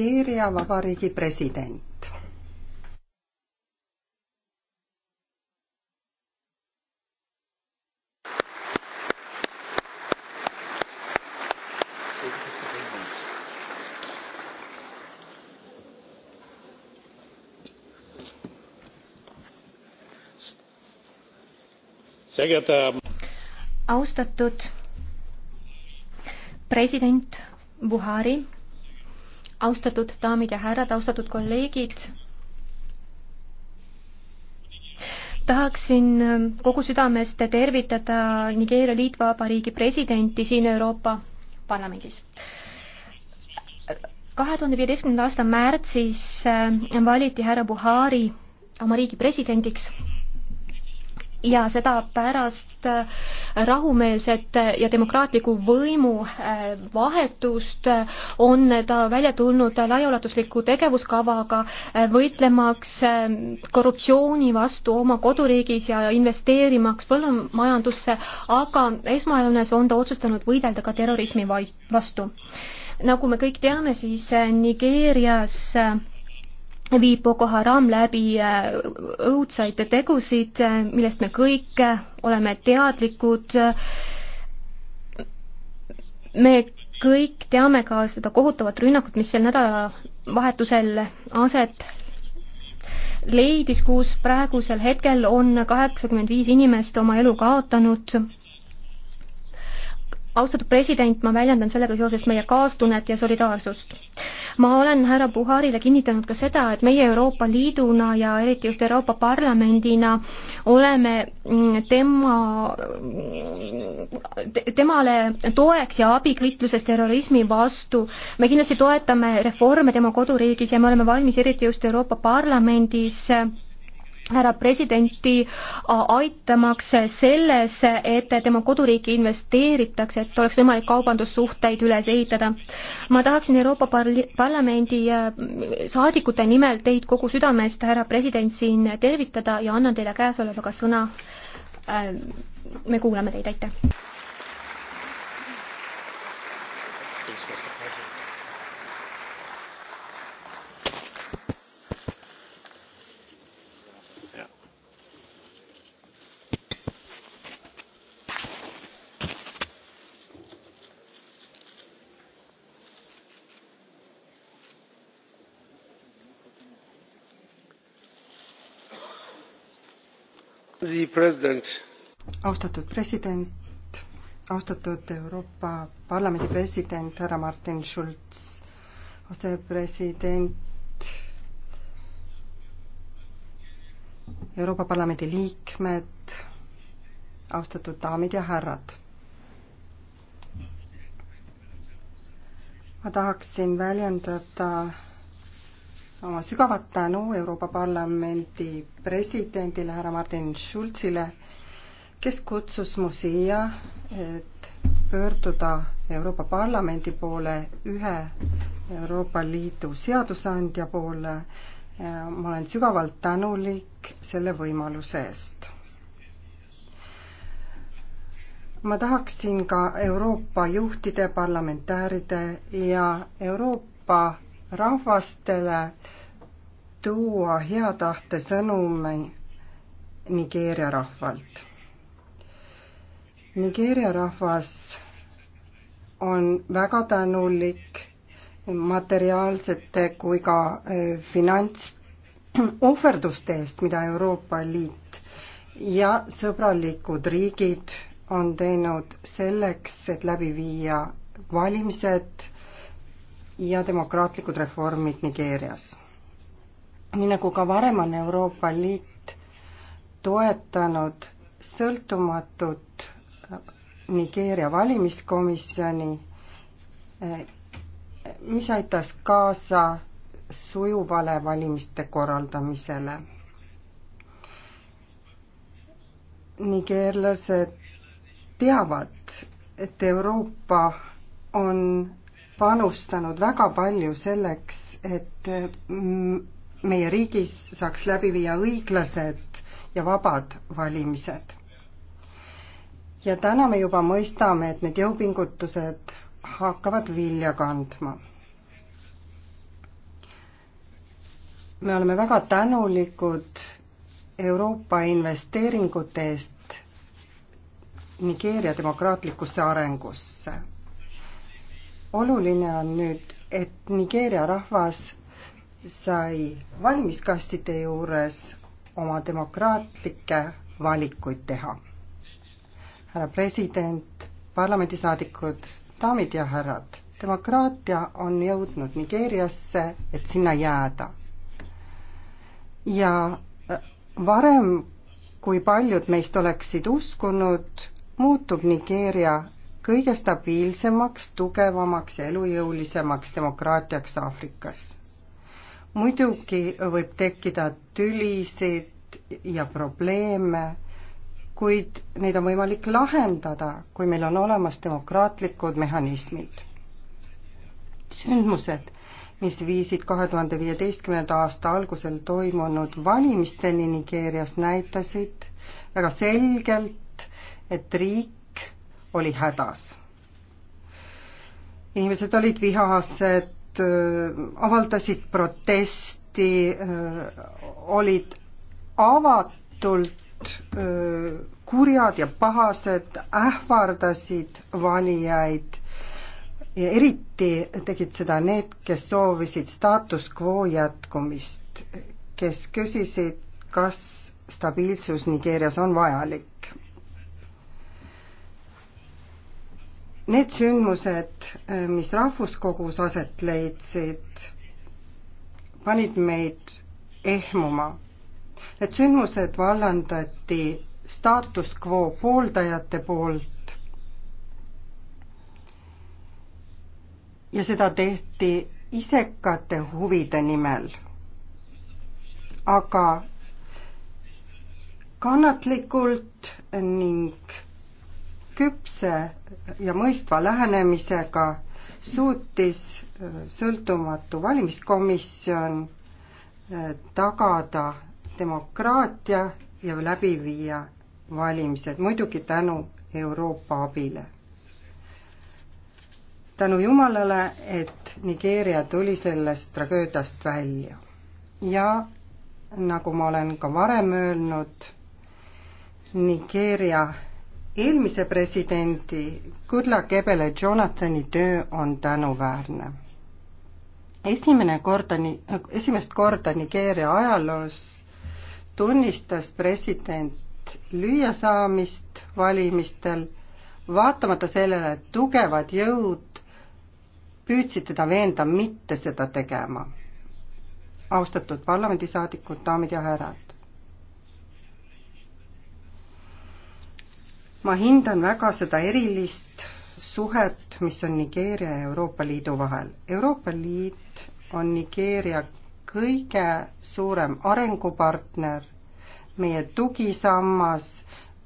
Nigeeria Vabariigi president. austatud president Buhari austatud daamid ja härrad, austatud kolleegid. tahaksin kogu südamest tervitada Nigeeria Liitvabariigi presidenti siin Euroopa Parlamendis. kahe tuhande viieteistkümnenda aasta märtsis valiti härra Buhari oma riigi presidendiks ja seda pärast äh, rahumeelset äh, ja demokraatliku võimu äh, vahetust on ta välja tulnud laiaulatusliku tegevuskavaga võitlemaks korruptsiooni vastu oma koduriigis ja investeerimaks põllumajandusse, aga esmajoones on ta otsustanud võidelda ka terrorismi vastu. nagu me kõik teame, siis Nigeerias viib Boko Haram läbi äh, õudsaid tegusid, äh, millest me kõik äh, oleme teadlikud. me kõik teame ka seda kohutavat rünnakut, mis sel nädalavahetusel aset leidis, kus praegusel hetkel on kaheksakümmend viis inimest oma elu kaotanud austatud president, ma väljendan sellega seoses meie kaastunnet ja solidaarsust. ma olen härra Buharile kinnitanud ka seda, et meie Euroopa Liiduna ja eriti just Euroopa Parlamendina oleme mm, tema, mm, temale toeks ja abikritluses terrorismi vastu. me kindlasti toetame reforme tema koduriigis ja me oleme valmis eriti just Euroopa Parlamendis härra presidenti aitamaks selles, et tema koduriiki investeeritakse, et oleks võimalik kaubandussuhteid üles ehitada. ma tahaksin Euroopa parli-, Parlamendi äh, saadikute nimel teid kogu südamest, härra president, siin tervitada ja annan teile käesolevaga sõna. Äh, me kuulame teid, aitäh! austatud president, austatud Euroopa Parlamendi president härra Martin Schulz, asepresident, Euroopa Parlamendi liikmed, austatud daamid ja härrad. ma tahaksin väljendada oma sügavat tänu Euroopa Parlamendi presidendile härra Martin Schulzile, kes kutsus mu siia, et pöörduda Euroopa Parlamendi poole ühe Euroopa Liidu seadusandja poole. ma olen sügavalt tänulik selle võimaluse eest ma tahaksin ka Euroopa juhtide, parlamentääride ja Euroopa rahvastele tuua hea tahte sõnumi Nigeeria rahvalt. Nigeeria rahvas on väga tänulik materiaalsete kui ka eh, finantsohverduste eest, mida Euroopa Liit ja sõbralikud riigid on teinud selleks, et läbi viia valimised ja demokraatlikud reformid Nigeerias. nii nagu ka varem on Euroopa Liit toetanud sõltumatut äh, Nigeeria valimiskomisjoni, äh, mis aitas kaasa sujuvale valimiste korraldamisele. nigeerlased teavad, et Euroopa on panustanud väga palju selleks, et mm, meie riigis saaks läbi viia õiglased ja vabad valimised. ja täna me juba mõistame, et need jõupingutused hakkavad vilja kandma. me oleme väga tänulikud Euroopa investeeringute eest Nigeeria demokraatlikusse arengusse oluline on nüüd, et Nigeeria rahvas sai valimiskastide juures oma demokraatlikke valikuid teha. härra president, parlamendisaadikud, daamid ja härrad, demokraatia on jõudnud Nigeeriasse, et sinna jääda. ja äh, varem, kui paljud meist oleksid uskunud, muutub Nigeeria kõige stabiilsemaks, tugevamaks ja elujõulisemaks demokraatiaks Aafrikas. muidugi võib tekkida tülisid ja probleeme, kuid neid on võimalik lahendada, kui meil on olemas demokraatlikud mehhanismid. sündmused, mis viisid kahe tuhande viieteistkümnenda aasta algusel toimunud valimisteni Nigeerias, näitasid väga selgelt, et riik oli hädas. inimesed olid vihased, äh, avaldasid protesti, äh, olid avatult äh, kurjad ja pahased, ähvardasid valijaid ja eriti tegid seda need, kes soovisid staatus quo jätkumist, kes küsisid, kas stabiilsus Nigeerias on vajalik need sündmused, mis Rahvuskogus aset leidsid, panid meid ehmuma. Need sündmused vallandati staatus quo pooldajate poolt ja seda tehti isekate huvide nimel. aga kannatlikult ning küpse ja mõistva lähenemisega suutis äh, sõltumatu valimiskomisjon äh, tagada demokraatia ja läbi viia valimised, muidugi tänu Euroopa abile. tänu Jumalale, et Nigeeria tuli sellest tragöödiast välja. ja nagu ma olen ka varem öelnud, Nigeeria eelmise presidendi Kudla Kebele Jonathani töö on tänuväärne. esimene korda, esimest korda Nigeeria ajaloos tunnistas president lüüasaamist valimistel, vaatamata sellele, et tugevad jõud püüdsid teda veenda mitte seda tegema. austatud parlamendisaadikud, daamid ja härrad, ma hindan väga seda erilist suhet, mis on Nigeeria ja Euroopa Liidu vahel. Euroopa Liit on Nigeeria kõige suurem arengupartner, meie tugisammas,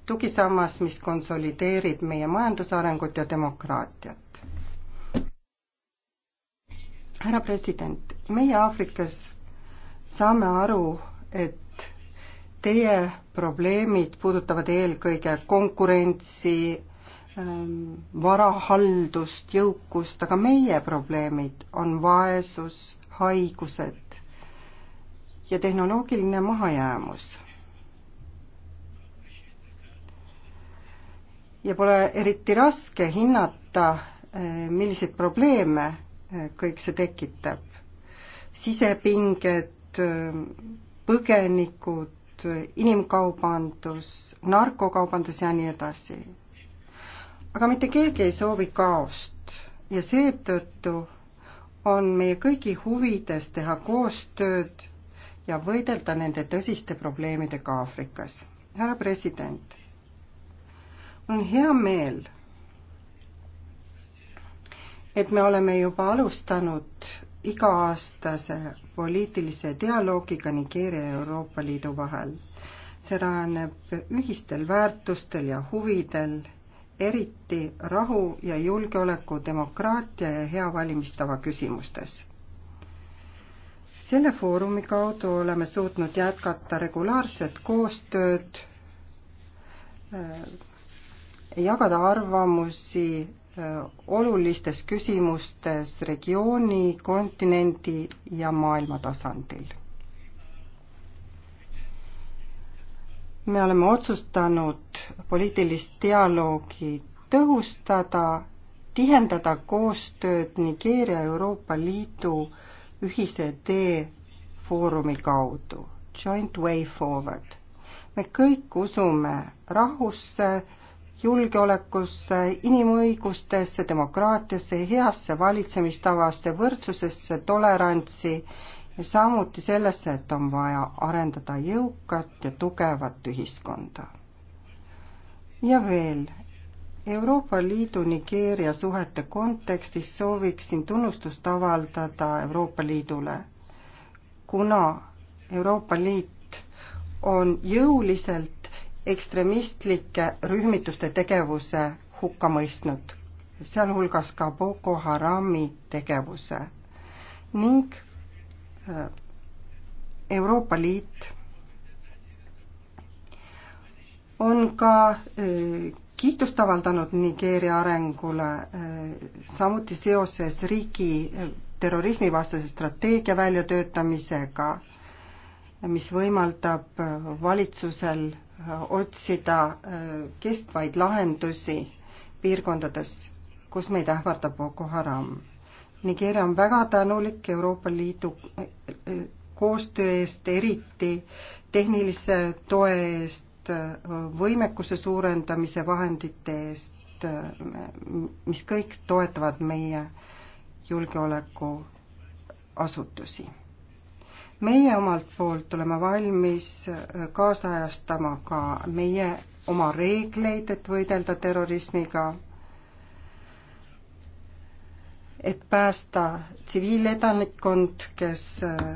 tugisammas, mis konsolideerib meie majandusarengut ja demokraatiat. härra president, meie Aafrikas saame aru, et Teie probleemid puudutavad eelkõige konkurentsi, ähm, varahaldust, jõukust, aga meie probleemid on vaesus, haigused ja tehnoloogiline mahajäämus ja pole eriti raske hinnata, äh, milliseid probleeme äh, kõik see tekitab. sisepinged, äh, põgenikud, inimkaubandus, narkokaubandus ja nii edasi. aga mitte keegi ei soovi kaost ja seetõttu on meie kõigi huvides teha koostööd ja võidelda nende tõsiste probleemidega Aafrikas. härra president, mul on hea meel, et me oleme juba alustanud iga-aastase poliitilise dialoogiga Nigeeria ja Euroopa Liidu vahel. see rajaneb ühistel väärtustel ja huvidel, eriti rahu ja julgeoleku, demokraatia ja hea valimistava küsimustes selle foorumi kaudu oleme suutnud jätkata regulaarset koostööd, äh, jagada arvamusi Äh, olulistes küsimustes regiooni, kontinendi ja maailma tasandil. me oleme otsustanud poliitilist dialoogi tõhustada, tihendada koostööd Nigeeria Euroopa Liidu ühise tee foorumi kaudu, Joint Way Forward. me kõik usume rahusse, julgeolekusse, inimõigustesse, demokraatiasse, heasse valitsemistavasse, võrdsusesse, tolerantsi ja samuti sellesse, et on vaja arendada jõukat ja tugevat ühiskonda. ja veel, Euroopa Liidu Nigeeria suhete kontekstis sooviksin tunnustust avaldada Euroopa Liidule, kuna Euroopa Liit on jõuliselt ekstremistlike rühmituste tegevuse hukka mõistnud, sealhulgas ka Boko Harami tegevuse ning äh, Euroopa Liit on ka äh, kiitust avaldanud Nigeeria arengule, äh, samuti seoses riigi terrorismivastase strateegia väljatöötamisega, mis võimaldab valitsusel otsida äh, kestvaid lahendusi piirkondades, kus meid ähvardab Boko Haram. Nigeeria on väga tänulik Euroopa Liidu äh, koostöö eest, eriti tehnilise toe eest, äh, võimekuse suurendamise vahendite eest, mis kõik toetavad meie julgeolekuasutusi meie omalt poolt oleme valmis äh, kaasajastama ka meie oma reegleid, et võidelda terrorismiga, et päästa tsiviilelanikkond, kes äh,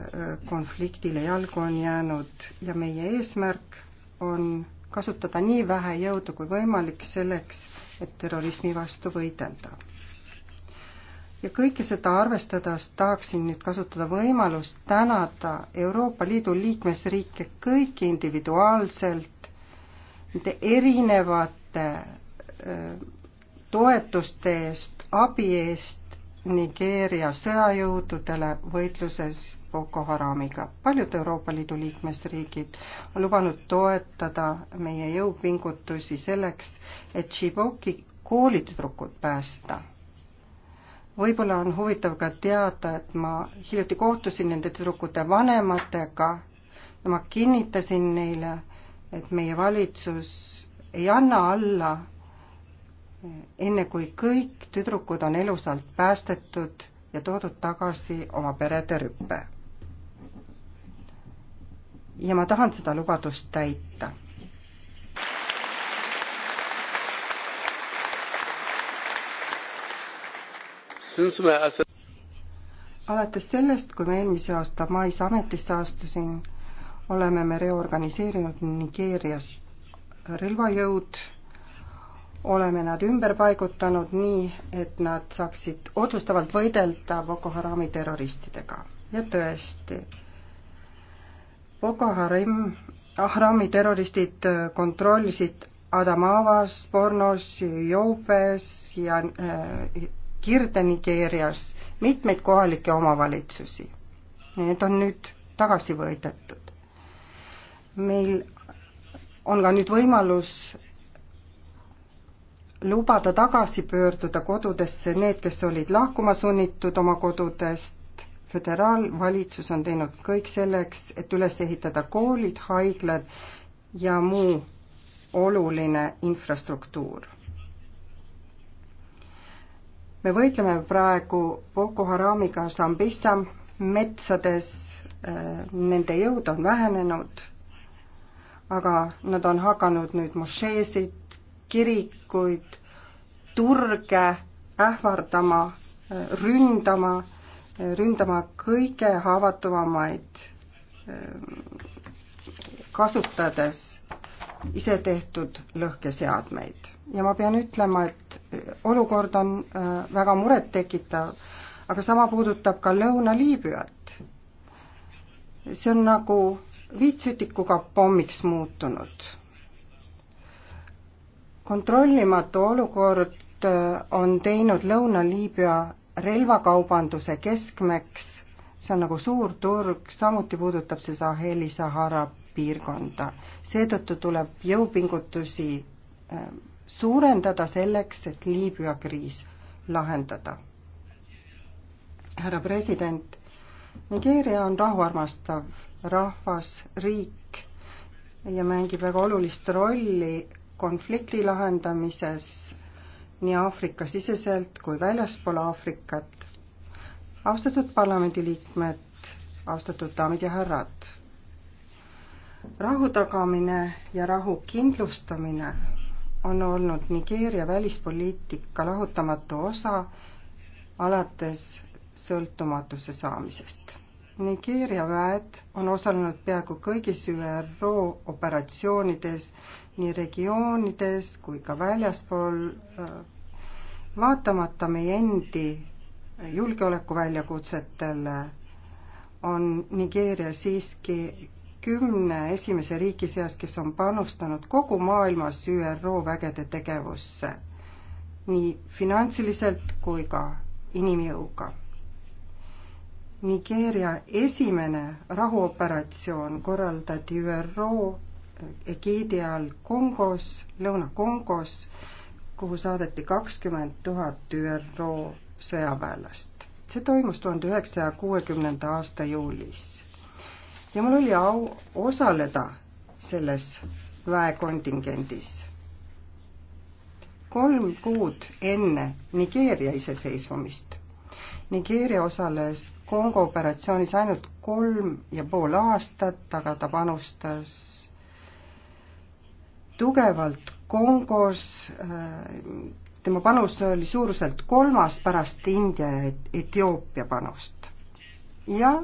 konfliktile jalgu on jäänud ja meie eesmärk on kasutada nii vähe jõudu kui võimalik selleks, et terrorismi vastu võidelda ja kõike seda arvestades tahaksin nüüd kasutada võimalust tänada Euroopa Liidu liikmesriike kõiki individuaalselt nende erinevate toetuste eest, abi eest Nigeeria sõjajõududele võitluses Boko Haramiga. paljud Euroopa Liidu liikmesriigid on lubanud toetada meie jõupingutusi selleks, et Shiboki koolitüdrukud päästa võib-olla on huvitav ka teada, et ma hiljuti kohtusin nende tüdrukute vanematega ja ma kinnitasin neile, et meie valitsus ei anna alla eh, enne, kui kõik tüdrukud on elusalt päästetud ja toodud tagasi oma perede rüppe. ja ma tahan seda lubadust täita alates sellest, kui ma eelmise aasta mais ametisse astusin, oleme me reorganiseerinud Nigeerias relvajõud, oleme nad ümber paigutanud nii, et nad saaksid otsustavalt võidelda Boko Harami terroristidega. ja tõesti, Boko Harim, Harami terroristid kontrollisid Adamavas, Pornos, Joubes ja äh, Kirde-Nigeerias mitmeid kohalikke omavalitsusi. Need on nüüd tagasi võidetud. meil on ka nüüd võimalus lubada tagasi pöörduda kodudesse need, kes olid lahkuma sunnitud oma kodudest, föderaalvalitsus on teinud kõik selleks, et üles ehitada koolid, haiglad ja muu oluline infrastruktuur me võitleme praegu Boko Haramiga Sambissa metsades, äh, nende jõud on vähenenud, aga nad on hakanud nüüd mošeesid, kirikuid, turge ähvardama, äh, ründama, äh, ründama kõige haavatavamaid, kasutades isetehtud lõhkeseadmeid ja ma pean ütlema, et äh, olukord on äh, väga murettekitav, aga sama puudutab ka Lõuna-Liibüat. see on nagu viitsütikuga pommiks muutunud. kontrollimatu olukord äh, on teinud Lõuna-Liibüa relvakaubanduse keskmeks, see on nagu suur turg, samuti puudutab see Saheli Sahara piirkonda. seetõttu tuleb jõupingutusi suurendada selleks, et Liibüa kriis lahendada. härra president, Nigeeria on rahuarmastav rahvas, riik ja mängib väga olulist rolli konflikti lahendamises nii Aafrika-siseselt kui väljaspool Aafrikat. austatud parlamendiliikmed, austatud daamid ja härrad rahu tagamine ja rahu kindlustamine on olnud Nigeeria välispoliitika lahutamatu osa alates sõltumatuse saamisest. Nigeeria väed on osalenud peaaegu kõigis ÜRO operatsioonides nii regioonides kui ka väljaspool, vaatamata meie endi julgeolekuväljakutsetele on Nigeeria siiski kümne esimese riigi seas, kes on panustanud kogu maailmas ÜRO vägede tegevusse nii finantsiliselt kui ka inimjõuga. Nigeeria esimene rahuoperatsioon korraldati ÜRO egiidi all Kongos, Lõuna-Kongos, kuhu saadeti kakskümmend tuhat ÜRO sõjaväelast. see toimus tuhande üheksasaja kuuekümnenda aasta juulis ja mul oli au osaleda selles väekontingendis. kolm kuud enne Nigeeria iseseisvumist. Nigeeria osales Kongo operatsioonis ainult kolm ja pool aastat, aga ta panustas tugevalt Kongos, tema panus oli suuruselt kolmas pärast India ja Etioopia panust. ja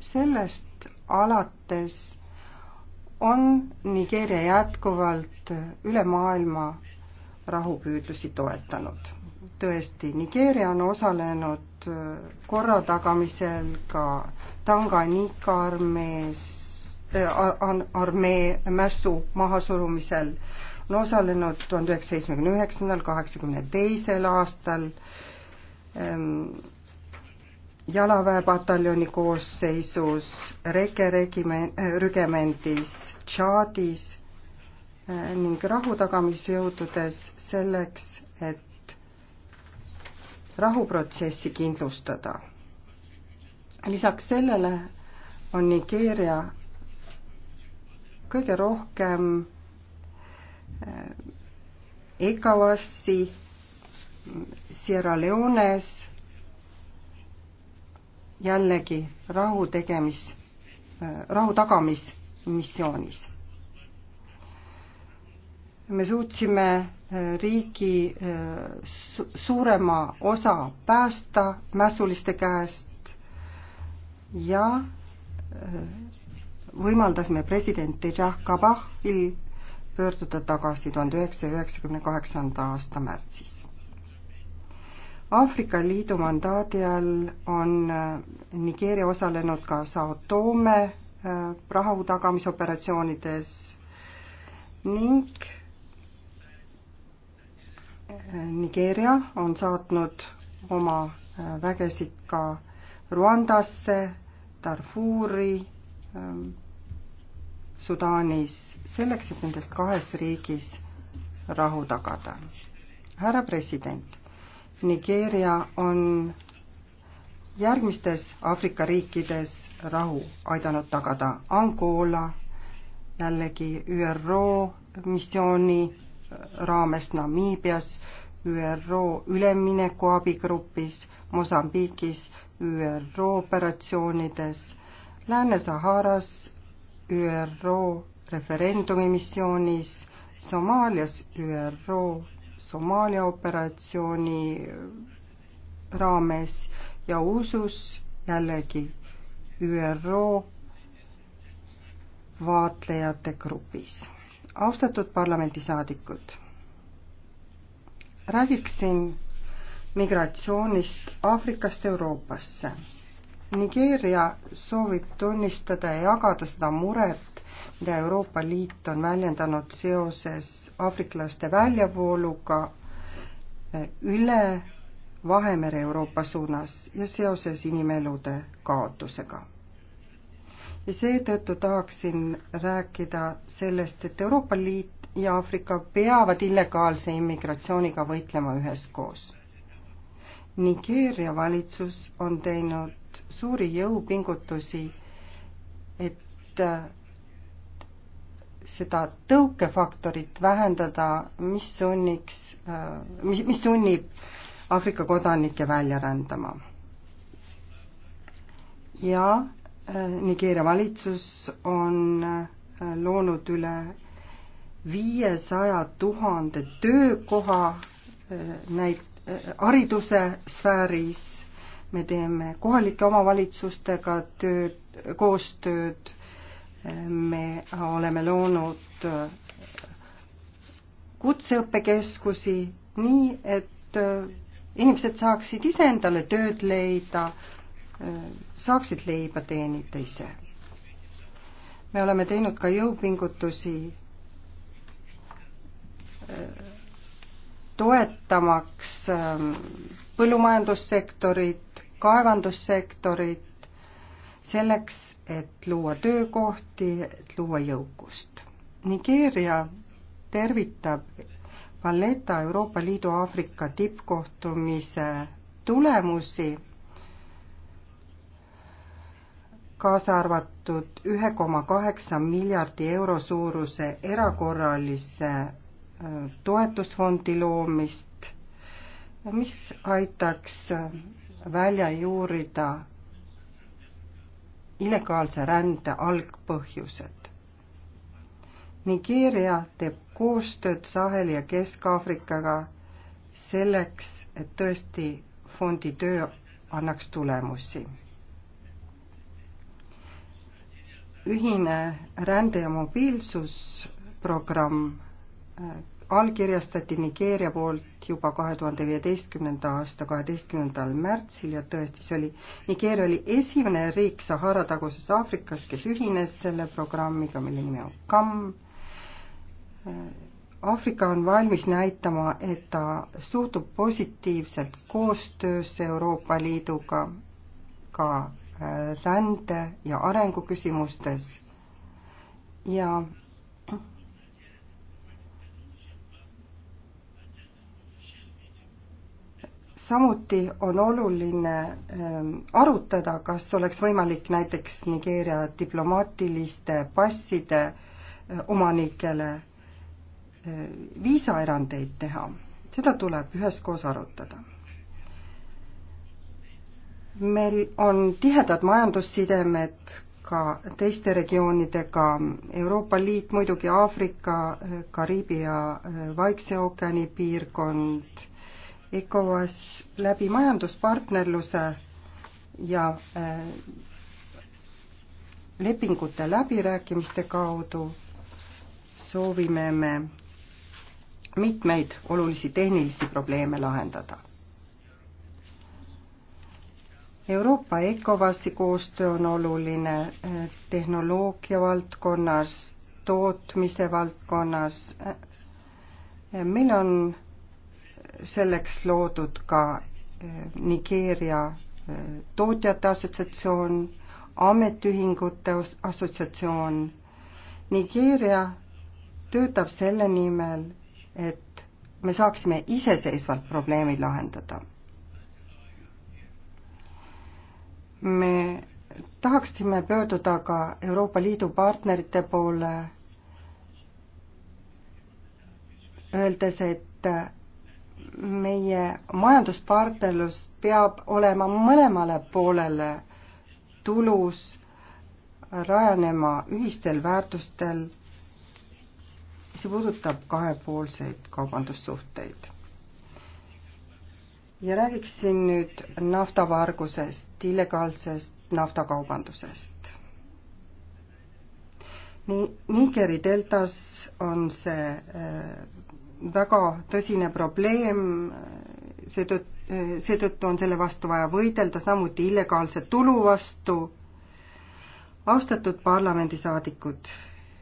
sellest alates on Nigeeria jätkuvalt üle maailma rahupüüdlusi toetanud. tõesti, Nigeeria on osalenud äh, korra tagamisel ka Tanganyika armees äh, ar, armee mässu mahasurumisel, on osalenud tuhande üheksasaja seitsmekümne üheksandal, kaheksakümne teisel aastal ähm, jalaväepataljoni koosseisus, Reke regime-, rügemendis, Tšaadis eh, ning rahutagamisjõududes selleks, et rahuprotsessi kindlustada. lisaks sellele on Nigeeria kõige rohkem eh, ECOWAS-i Sierra Leones jällegi rahu tegemis, rahu tagamismissioonis. me suutsime äh, riigi äh, suurema osa päästa mässuliste käest ja äh, võimaldasime president Dejah Kabahil pöörduda tagasi tuhande üheksasaja üheksakümne kaheksanda aasta märtsis Aafrika Liidu mandaadi all on äh, Nigeeria osalenud ka Sao Tome äh, rahu tagamisoperatsioonides ning äh, Nigeeria on saatnud oma vägesid ka Ruandasse, Darfuri, ähm, Sudaanis, selleks, et nendes kahes riigis rahu tagada. härra president, Nigeeria on järgmistes Aafrika riikides rahu aidanud tagada. Angola jällegi ÜRO missiooni äh, raames Namiibias, ÜRO ülemineku abigrupis, Mosambiigis, ÜRO operatsioonides, Lääne-Saharas ÜRO referendumi missioonis, Somaalias ÜRO Somaalia operatsiooni raames ja usus jällegi ÜRO vaatlejate grupis. austatud parlamendisaadikud, räägiksin migratsioonist Aafrikast Euroopasse Nigeeria soovib tunnistada ja jagada seda muret, mida Euroopa Liit on väljendanud seoses aafriklaste väljavooluga eh, üle Vahemere Euroopa suunas ja seoses inimelude kaotusega. ja seetõttu tahaksin rääkida sellest, et Euroopa Liit ja Aafrika peavad illegaalse immigratsiooniga võitlema üheskoos. Nigeeria valitsus on teinud suuri jõupingutusi, et äh, seda tõukefaktorit vähendada, mis sunniks, äh, mis, mis sunnib Aafrika kodanikke välja rändama. ja äh, Nigeeria valitsus on loonud üle viiesaja tuhande töökoha näit-, hariduse sfääris me teeme kohalike omavalitsustega tööd, koostööd, me oleme loonud äh, kutseõppekeskusi nii, et äh, inimesed saaksid ise endale tööd leida, äh, saaksid leiba teenida ise. me oleme teinud ka jõupingutusi toetamaks põllumajandussektorit, kaevandussektorit, selleks, et luua töökohti, et luua jõukust. Nigeeria tervitab Valletta Euroopa Liidu Aafrika tippkohtumise tulemusi, kaasa arvatud ühe koma kaheksa miljardi euro suuruse erakorralise äh, toetusfondi loomist, mis aitaks äh, välja juurida illegaalse rände algpõhjused. Nigeeria teeb koostööd Saheli ja Kesk-Aafrikaga selleks, et tõesti fondi töö annaks tulemusi. ühine rände- ja mobiilsusprogramm allkirjastati Nigeeria poolt juba kahe tuhande viieteistkümnenda aasta kaheteistkümnendal märtsil ja tõesti, see oli, Nigeeria oli esimene riik Sahara taguses Aafrikas, kes ühines selle programmiga, mille nimi on KAM. Aafrika on valmis näitama, et ta suhtub positiivselt koostöösse Euroopa Liiduga ka äh, rände ja arengu küsimustes ja samuti on oluline ähm, arutada, kas oleks võimalik näiteks Nigeeria diplomaatiliste passide äh, omanikele äh, viisaerandeid teha. seda tuleb üheskoos arutada meil on tihedad majandussidemed ka teiste regioonidega, Euroopa Liit muidugi, Aafrika, äh, Kariibi ja Vaikse ookeani piirkond, ECOWAS läbi majanduspartnerluse ja äh, lepingute läbirääkimiste kaudu soovime me mitmeid olulisi tehnilisi probleeme lahendada. Euroopa ECOWAS-i koostöö on oluline äh, tehnoloogia valdkonnas, tootmise valdkonnas. Äh, meil on selleks loodud ka eh, Nigeeria eh, tootjate assotsiatsioon, ametiühingute assotsiatsioon. Nigeeria töötab selle nimel, et me saaksime iseseisvalt probleemi lahendada. me tahaksime pöörduda ka Euroopa Liidu partnerite poole, öeldes, et meie majanduspartnerlus peab olema mõlemale poolele tulus, rajanema ühistel väärtustel. see puudutab kahepoolseid kaubandussuhteid. ja räägiksin nüüd naftavargusest, illegaalsest naftakaubandusest. nii Nigeri deltas on see äh, väga tõsine probleem, seetõttu, seetõttu on selle vastu vaja võidelda, samuti illegaalse tulu vastu. austatud parlamendisaadikud,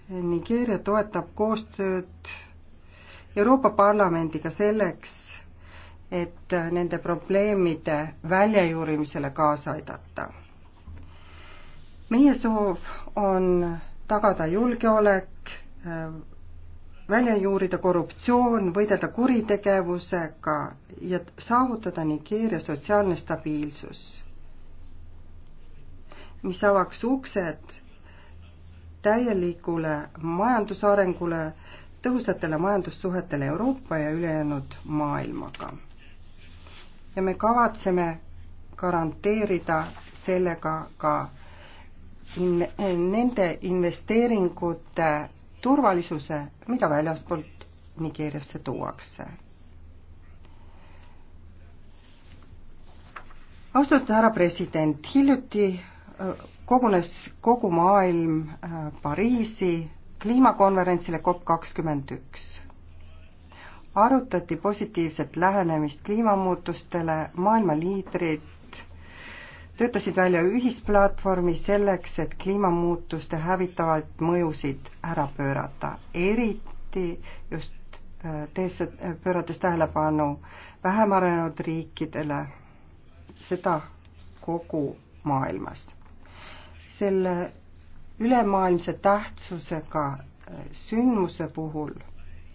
Nigeeria toetab koostööd Euroopa Parlamendiga selleks, et nende probleemide väljajuurimisele kaasa aidata. meie soov on tagada julgeolek, välja juurida korruptsioon, võidelda kuritegevusega ja saavutada Nigeeria sotsiaalne stabiilsus, mis avaks uksed täielikule majandusarengule, tõhusatele majandussuhetele Euroopa ja ülejäänud maailmaga. ja me kavatseme garanteerida sellega ka in nende investeeringute turvalisuse, mida väljastpoolt Nigeeriasse tuuakse. austatud härra president, hiljuti kogunes kogu maailm Pariisi kliimakonverentsile COP kakskümmend üks. arutati positiivset lähenemist kliimamuutustele, maailma liidrid töötasid välja ühisplatvormi selleks, et kliimamuutuste hävitavaid mõjusid ära pöörata, eriti just äh, tehes, äh, pöörates tähelepanu vähem arenenud riikidele, seda kogu maailmas. selle ülemaailmse tähtsusega äh, sündmuse puhul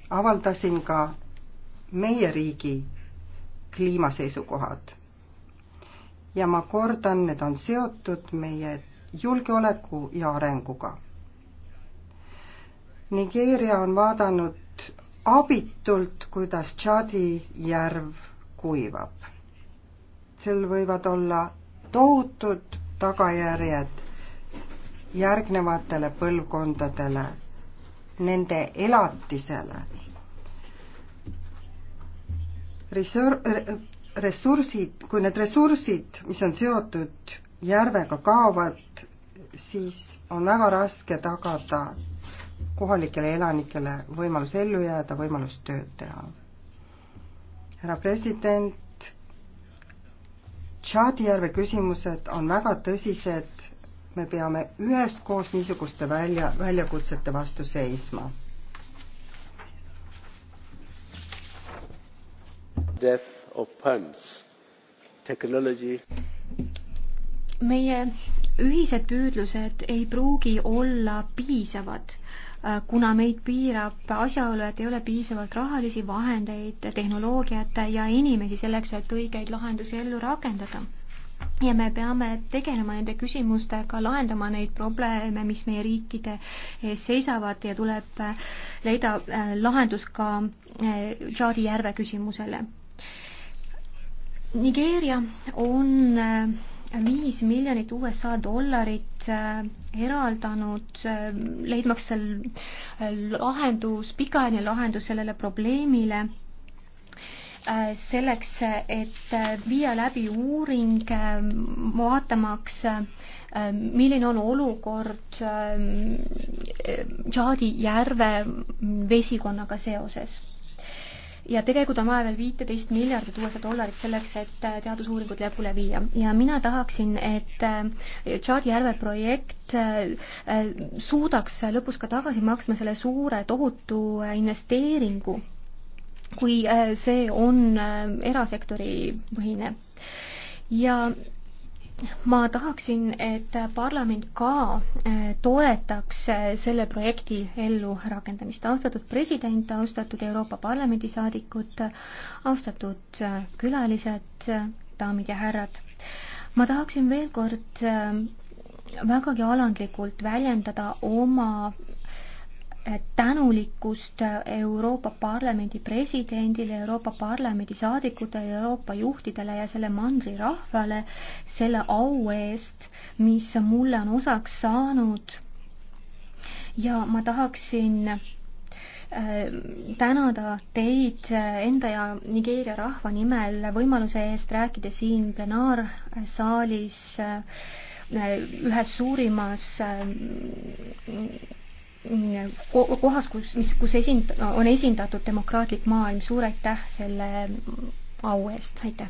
avaldasin ka meie riigi kliima seisukohad ja ma kordan, need on seotud meie julgeoleku ja arenguga. Nigeeria on vaadanud abitult, kuidas Tšadi järv kuivab. sel võivad olla tohutud tagajärjed järgnevatele põlvkondadele, nende elatisele. Reserv, ressursid, kui need ressursid, mis on seotud järvega, kaovad, siis on väga raske tagada kohalikele elanikele võimalus ellu jääda, võimalus tööd teha. härra president, Tšaadi järve küsimused on väga tõsised, me peame üheskoos niisuguste välja, väljakutsete vastu seisma. Death of funds, technology. meie ühised püüdlused ei pruugi olla piisavad, äh, kuna meid piirab asjaolu, et ei ole piisavalt rahalisi vahendeid, tehnoloogiat ja inimesi selleks, et õigeid lahendusi ellu rakendada ja me peame tegelema nende küsimustega, lahendama neid probleeme, mis meie riikide ees seisavad ja tuleb äh, leida äh, lahendus ka Tšaadi järve küsimusele Nigeeria on äh, viis miljonit USA dollarit äh, eraldanud, äh, leidmaks seal lahendus, pikaajaline lahendus sellele probleemile selleks, et viia läbi uuring, vaatamaks, milline on olukord Tšaadi järve vesikonnaga seoses ja tegelikult on vaja veel viiteist miljardit USA dollarit selleks, et äh, teadusuuringud lõpule viia ja mina tahaksin, et äh, Tšaadi järve projekt äh, suudaks lõpus ka tagasi maksma selle suure tohutu investeeringu, kui see on erasektori põhine ja ma tahaksin, et parlament ka äh, toetaks äh, selle projekti ellurakendamist. austatud president, austatud Euroopa Parlamendi saadikud, austatud äh, külalised, daamid ja härrad. ma tahaksin veel kord vägagi alandlikult väljendada oma tänulikkust Euroopa Parlamendi presidendile, Euroopa Parlamendi saadikutele, Euroopa juhtidele ja selle mandri rahvale selle au eest, mis mulle on osaks saanud. ja ma tahaksin äh, tänada teid enda ja Nigeeria rahva nimel võimaluse eest rääkida siin plenaarsaalis äh, ühes suurimas äh, kohas, kus, mis, kus esind-, on esindatud demokraatlik maailm, suur aitäh selle au eest, aitäh!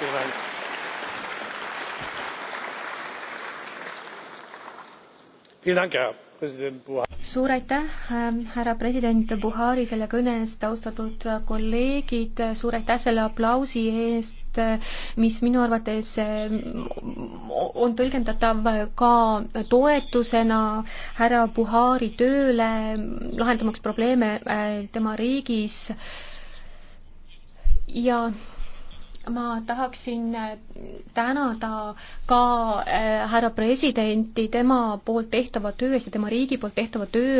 Vielen Dank. vielen dank herr suur aitäh, ähm, härra president Buhari selle kõne eest, austatud kolleegid, suur aitäh selle aplausi eest, äh, mis minu arvates äh, on tõlgendatav ka toetusena härra Buhari tööle, lahendamaks probleeme äh, tema riigis ja ma tahaksin äh, tänada ka äh, härra presidenti tema poolt tehtava töö eest ja tema riigi poolt tehtava töö